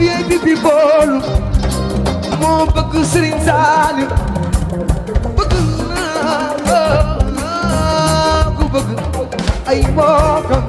VIP bi boolu moo bëgg Serigne Saliou bëgg naa ku bëgg ay mbokkam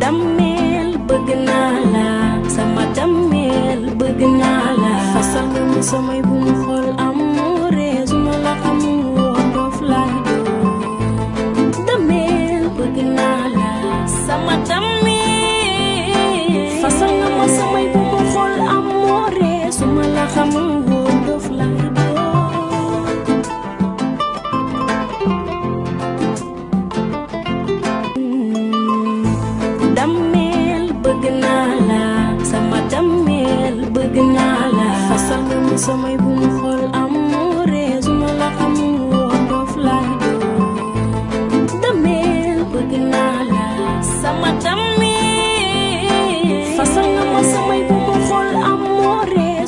dammeel bëgg naa la sama dammeel bëgg naa la fasal samay bu samay bubu xol amore sumalah ma la xamul woon dof sama dameel bëgg naa la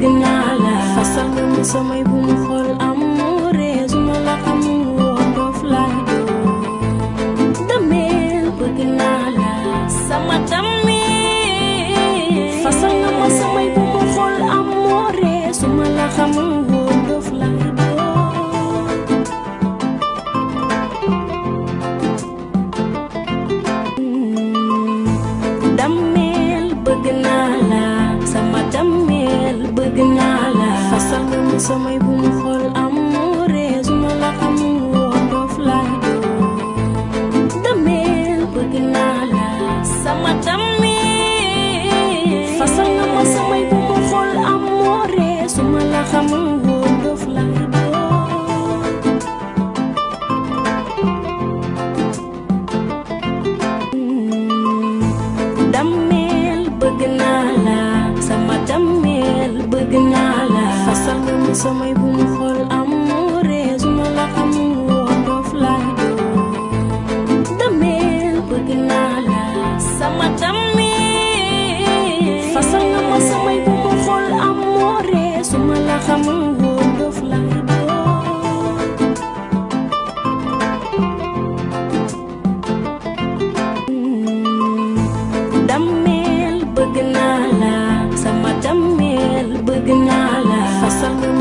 bëgg naa fasal mu samay bu mu xool amuure su la amul woon doof laa doon dameel bëgg naa la sama dameel fasal na ma samay bu mu xool amuure su ma la amul samay bu mu xool amoore su ma la amul woon doof laa doon dameel bëgg naa la sama tamit façon nga ma samay bu mu xool amoore su ma la xamul samay bu mu xool amuure su ma la xamul woon doof laa doon dameel bëgg naa la sama dameel fasal nga samay bu mu xool amuure su ma la xamul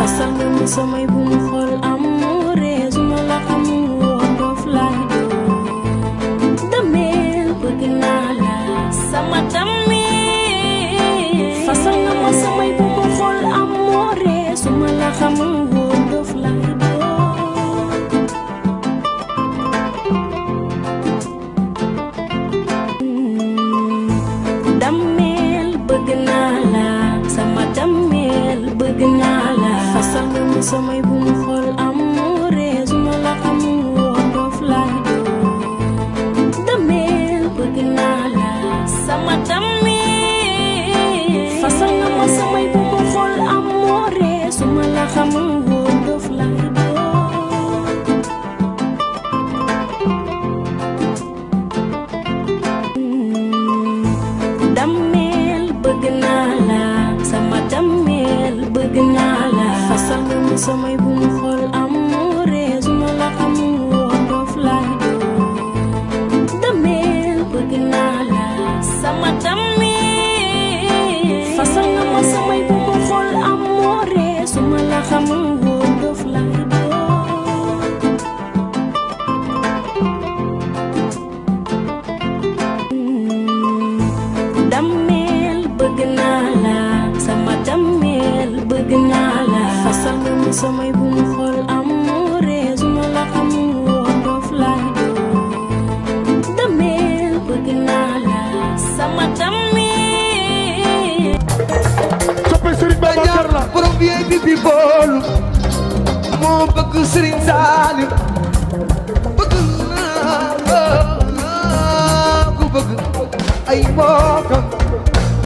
xasal mu samay bu mu xool am mu ree su ma la xam woon doof laa doon dameel bëgg naa la sama dameel xasal nga ma samay bu mu xool am mu su ma la xam asal ma samay bu mu xool am mu su ma la xamul woon doof laa doon dameel bëgg la sama dameel fasal am mu su ma la xamul woon so may bumi sàngal ma samay buum